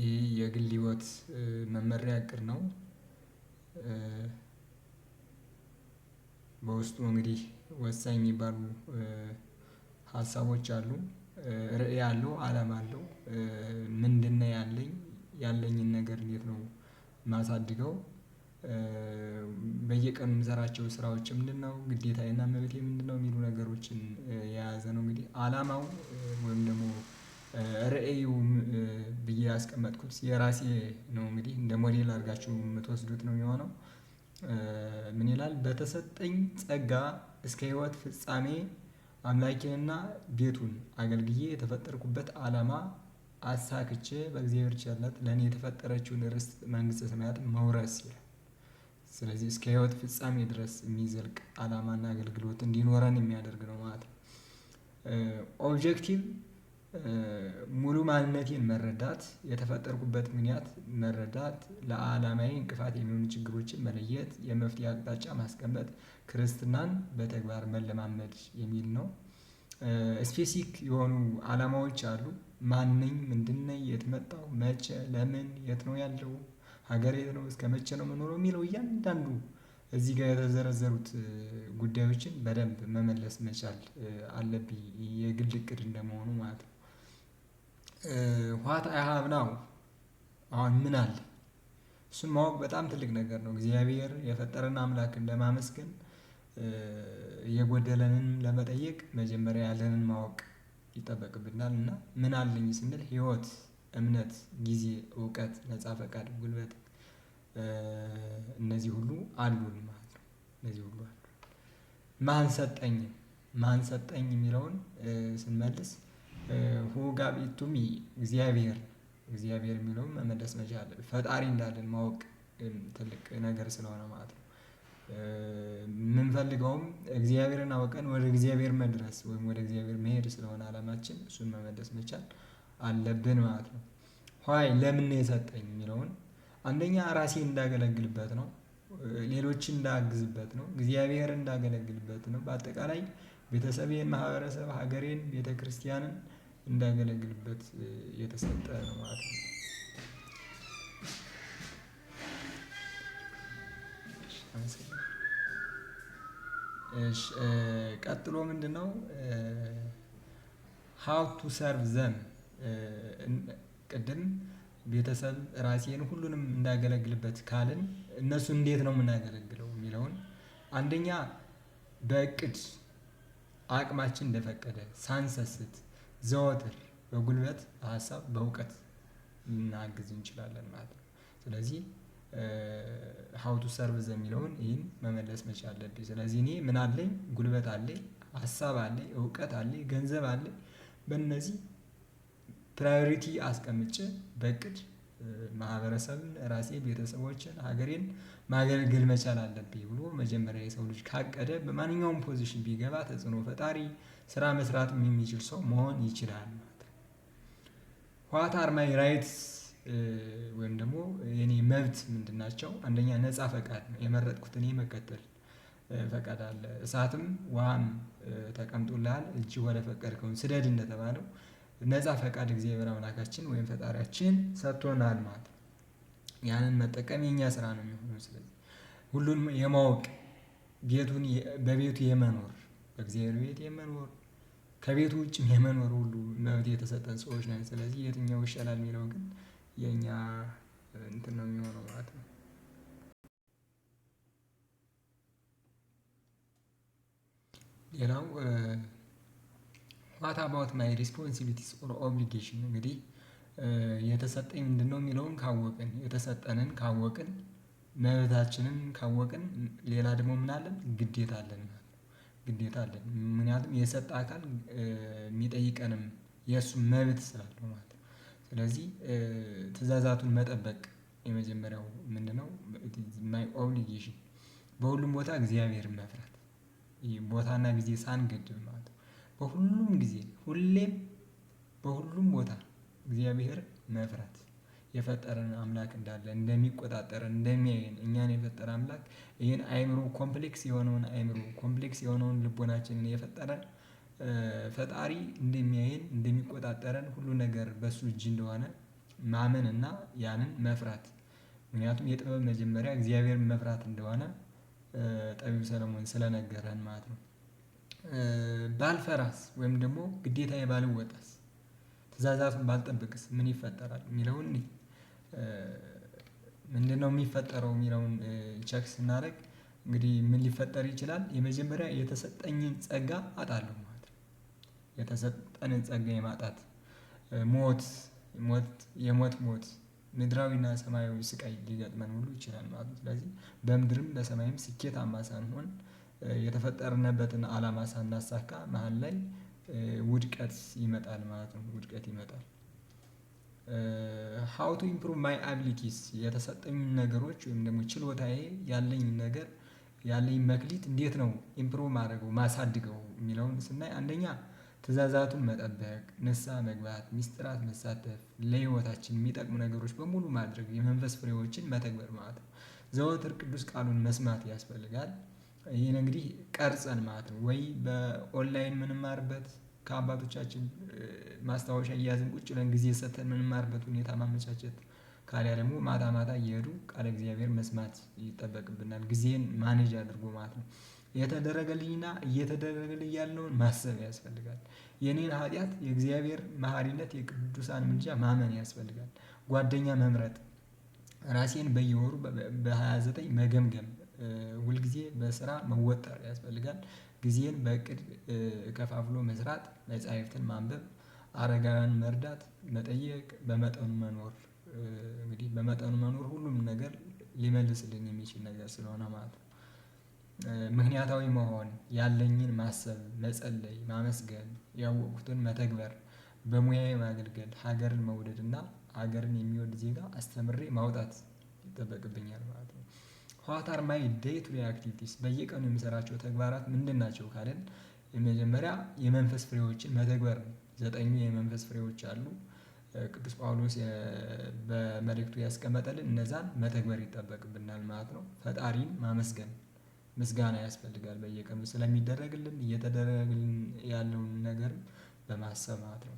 ይህ የግል ህይወት መመሪያ እቅድ ነው። በውስጡ እንግዲህ ወሳኝ የሚባሉ ሀሳቦች አሉ ርዕይ አለው አላማ አለው ምንድነው ያለኝ ያለኝን ነገር እንዴት ነው ማሳድገው? በየቀኑ የምሰራቸው ስራዎች ምንድነው ግዴታዬና መብቴ ምንድነው የሚሉ ነገሮችን የያዘ ነው። እንግዲህ አላማው ወይም ደግሞ ያስቀመጥኩት የራሴ ነው። እንግዲህ እንደ ሞዴል አድርጋችሁ የምትወስዱት ነው የሚሆነው። ምን ይላል? በተሰጠኝ ጸጋ እስከ ህይወት ፍጻሜ አምላኬንና ቤቱን አገልግዬ የተፈጠርኩበት ዓላማ አሳክቼ በእግዚአብሔር ቸርነት ለእኔ የተፈጠረችውን ርስት መንግሥተ ሰማያት መውረስ ይላል። ስለዚህ እስከ ህይወት ፍጻሜ ድረስ የሚዘልቅ ዓላማና አገልግሎት እንዲኖረን የሚያደርግ ነው ማለት ነው። ኦብጀክቲቭ ሙሉ ማንነቴን መረዳት የተፈጠርኩበት ምክንያት መረዳት ለአላማዬ እንቅፋት የሚሆኑ ችግሮችን መለየት የመፍትሄ አቅጣጫ ማስቀመጥ ክርስትናን በተግባር መለማመድ የሚል ነው። ስፔሲክ የሆኑ አላማዎች አሉ ማንኝ፣ ምንድነ የትመጣው የት መቼ ለምን የት ነው ያለው ሀገር የት ነው እስከመቼ ነው የምኖረው የሚለው እያንዳንዱ እዚህ ጋር የተዘረዘሩት ጉዳዮችን በደንብ መመለስ መቻል አለብኝ የግል እቅድ እንደመሆኑ ማለት ነው ዋት አይ ሃቭ ናው አሁን ምን አለ? እሱን ማወቅ በጣም ትልቅ ነገር ነው። እግዚአብሔር የፈጠረን አምላክን ለማመስገን የጎደለንን ለመጠየቅ መጀመሪያ ያለንን ማወቅ ይጠበቅብናል። እና ምን አለኝ ስንል ህይወት፣ እምነት፣ ጊዜ፣ እውቀት፣ ነፃ ፈቃድ፣ ጉልበት እነዚህ ሁሉ አሉን ማለት ነው። እነዚህ ሁሉ አሉ። ማን ሰጠኝ ማን ሰጠኝ የሚለውን ስንመልስ ሁጋቢቱም እግዚአብሔር እግዚአብሔር የሚለውም መመለስ መቻል ፈጣሪ እንዳለን ማወቅ ትልቅ ነገር ስለሆነ ማለት ነው። የምንፈልገውም እግዚአብሔርን አውቀን ወደ እግዚአብሔር መድረስ ወይም ወደ እግዚአብሔር መሄድ ስለሆነ አላማችን እሱን መመለስ መቻል አለብን ማለት ነው። ዋይ ለምን የሰጠኝ የሚለውን አንደኛ ራሴ እንዳገለግልበት ነው። ሌሎችን እንዳግዝበት ነው እግዚአብሔር እንዳገለግልበት ነው በአጠቃላይ ቤተሰቤን ማህበረሰብ ሀገሬን ቤተክርስቲያንን እንዳገለግልበት የተሰጠ ነው ማለት ነው። ቀጥሎ ምንድነው? ሀው ቱ ሰርቭ ዘም ቅድም ቤተሰብ ራሴን ሁሉንም እንዳገለግልበት ካልን እነሱ እንዴት ነው የምናገለግለው የሚለውን አንደኛ በእቅድ አቅማችን እንደፈቀደ ሳንሰስት ዘወትር በጉልበት በሀሳብ በእውቀት ልናግዝ እንችላለን ማለት ነው። ስለዚህ ሀውቱ ሰርቭዝ የሚለውን ይህን መመለስ መቻል አለብኝ። ስለዚህ እኔ ምን አለኝ ጉልበት አለኝ ሀሳብ አለኝ እውቀት አለኝ ገንዘብ አለኝ በእነዚህ ፕራዮሪቲ አስቀምጬ በእቅድ ማህበረሰብን ራሴ ቤተሰቦችን ሀገሬን ማገልገል መቻል አለብኝ ብሎ መጀመሪያ የሰው ልጅ ካቀደ በማንኛውም ፖዚሽን ቢገባ ተጽዕኖ ፈጣሪ ስራ መስራት የሚችል ሰው መሆን ይችላል ማለት ነው። ዋት አር ማይ ራይትስ? ወይም ደግሞ የኔ መብት ምንድን ናቸው? አንደኛ ነፃ ፈቃድ ነው የመረጥኩት እኔ መከተል ፈቃድ አለ እሳትም ውሃም ተቀምጦልሃል እጅ ወደ ፈቀድከውን ስደድ እንደተባለው ነፃ ፈቃድ እግዚአብሔር አምላካችን ወይም ፈጣሪያችን ሰጥቶናል ማለት ነው። ያንን መጠቀም የኛ ስራ ነው የሚሆነው። ስለዚህ ሁሉንም የማወቅ ቤቱን በቤቱ የመኖር በእግዚአብሔር ቤት የመኖር ከቤቱ ውጭም የመኖር ሁሉ መብት የተሰጠን ሰዎች ነን። ስለዚህ የትኛው ይሻላል የሚለው ግን የእኛ እንትን ነው የሚሆነው ማለት ነው። ሌላው ዋት አባውት ማይ ሪስፖንሲቢሊቲስ ኦር ኦብሊጌሽን እንግዲህ የተሰጠኝ ምንድን ነው የሚለውን ካወቅን የተሰጠንን ካወቅን መብታችንን ካወቅን ሌላ ደግሞ ምን ግዴታ አለን ግዴታ አለን ምክንያቱም የሰጠ አካል የሚጠይቀንም የእሱ መብት ስላለው ማለት ስለዚህ ትእዛዛቱን መጠበቅ የመጀመሪያው ምንድነው? ማይ ኦብሊጌሽን በሁሉም ቦታ እግዚአብሔርን መፍራት ቦታ ጊዜ ሳንገድብ ማለት በሁሉም ጊዜ ሁሌም በሁሉም ቦታ እግዚአብሔር መፍራት የፈጠረን አምላክ እንዳለ እንደሚቆጣጠር እንደሚያየን እኛን የፈጠረ አምላክ ይህን አይምሮ ኮምፕሌክስ የሆነውን አይምሮ ኮምፕሌክስ የሆነውን ልቦናችንን የፈጠረን ፈጣሪ እንደሚያየን እንደሚቆጣጠረን ሁሉ ነገር በሱ እጅ እንደሆነ ማመን እና ያንን መፍራት ምክንያቱም የጥበብ መጀመሪያ እግዚአብሔር መፍራት እንደሆነ ጠቢብ ሰለሞን ስለነገረን ማለት ነው ባልፈራስ ወይም ደግሞ ግዴታ ባልወጣስ ትእዛዛቱን ባልጠብቅስ ምን ይፈጠራል የሚለውን ምንድነው የሚፈጠረው የሚለውን ቼክ ስናደርግ እንግዲህ ምን ሊፈጠር ይችላል የመጀመሪያ የተሰጠኝን ጸጋ አጣለሁ ማለት ነው። የተሰጠንን ጸጋ የማጣት ሞት ሞት የሞት ሞት ምድራዊና ሰማያዊ ስቃይ ሊገጥመን ሁሉ ይችላል ማለት ነው። ስለዚህ በምድርም በሰማይም ስኬታማ ሳንሆን የተፈጠርንበትን አላማ ሳናሳካ መሀል ላይ ውድቀት ይመጣል ማለት ነው። ውድቀት ይመጣል። ሀው ቱ ኢምፕሩቭ ማይ አቢሊቲስ የተሰጠኝ ነገሮች ወይም ደግሞ ችሎታዬ ያለኝ ነገር ያለኝ መክሊት እንዴት ነው ኢምፕሩቭ ማድረገው ማሳድገው የሚለውን ስናይ አንደኛ ትእዛዛቱን መጠበቅ ንሳ መግባት ሚስጥራት መሳተፍ ለህይወታችን የሚጠቅሙ ነገሮች በሙሉ ማድረግ የመንፈስ ፍሬዎችን መተግበር ማለት ነው። ዘወትር ቅዱስ ቃሉን መስማት ያስፈልጋል ይህን እንግዲህ ቀርጸን ማለት ነው ወይ በኦንላይን የምንማርበት ከአባቶቻችን ማስታወሻ እያዝን ቁጭ ብለን ጊዜ ሰተን ምንማርበት ሁኔታ ማመቻቸት ካሊያ ደግሞ ማታ ማታ እየሄዱ ቃለ እግዚአብሔር መስማት ይጠበቅብናል ጊዜን ማኔጅ አድርጎ ማለት ነው። የተደረገልኝና እየተደረገልኝ ያለውን ማሰብ ያስፈልጋል። የኔን ኃጢአት የእግዚአብሔር መሃሪነት የቅዱሳን ምልጃ ማመን ያስፈልጋል። ጓደኛ መምረጥ ራሴን በየወሩ በ29 መገምገም ሁል ጊዜ በስራ መወጠር ያስፈልጋል። ጊዜን በእቅድ ከፋፍሎ መስራት መጻሕፍትን ማንበብ አረጋውያን መርዳት መጠየቅ በመጠኑ መኖር እንግዲህ በመጠኑ መኖር ሁሉም ነገር ሊመልስልን የሚችል ነገር ስለሆነ ማለት ነው። ምክንያታዊ መሆን ያለኝን ማሰብ መጸለይ ማመስገን ያወቅኩትን መተግበር በሙያዊ ማገልገል ሀገርን መውደድ እና ሀገርን የሚወድ ዜጋ አስተምሬ ማውጣት ይጠበቅብኛል ማለት ነው ዋት አር ማይ ዴይ ቱ ዴይ አክቲቪቲስ በየቀኑ የምሰራቸው ተግባራት ምንድን ናቸው ካለን የመጀመሪያ የመንፈስ ፍሬዎችን መተግበር ነው። ዘጠኙ የመንፈስ ፍሬዎች አሉ። ቅዱስ ጳውሎስ በመልእክቱ ያስቀመጠልን እነዛን መተግበር ይጠበቅብናል ማለት ነው። ፈጣሪን ማመስገን ምስጋና ያስፈልጋል በየቀኑ ስለሚደረግልን እየተደረገልን ያለውን ነገርም በማሰብ ማለት ነው።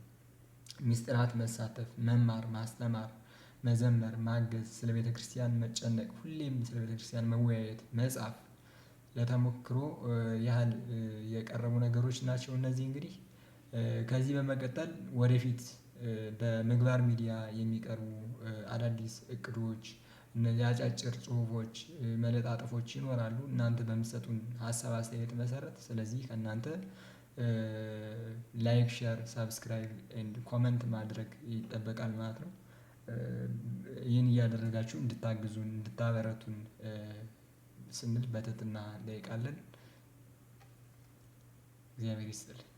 ሚስጥራት መሳተፍ መማር ማስተማር መዘመር፣ ማገዝ፣ ስለ ቤተክርስቲያን መጨነቅ፣ ሁሌም ስለ ቤተክርስቲያን መወያየት፣ መጻፍ ለተሞክሮ ያህል የቀረቡ ነገሮች ናቸው። እነዚህ እንግዲህ ከዚህ በመቀጠል ወደፊት በምግባር ሚዲያ የሚቀርቡ አዳዲስ እቅዶች እነዚህ አጫጭር ጽሁፎች መለጣጥፎች ይኖራሉ። እናንተ በምትሰጡን ሀሳብ አስተያየት መሰረት ስለዚህ ከእናንተ ላይክ ሸር ሳብስክራይብ ኤንድ ኮመንት ማድረግ ይጠበቃል ማለት ነው ይህን እያደረጋችሁ እንድታግዙን እንድታበረቱን ስንል በትህትና እንጠይቃለን። እግዚአብሔር ይስጥልን።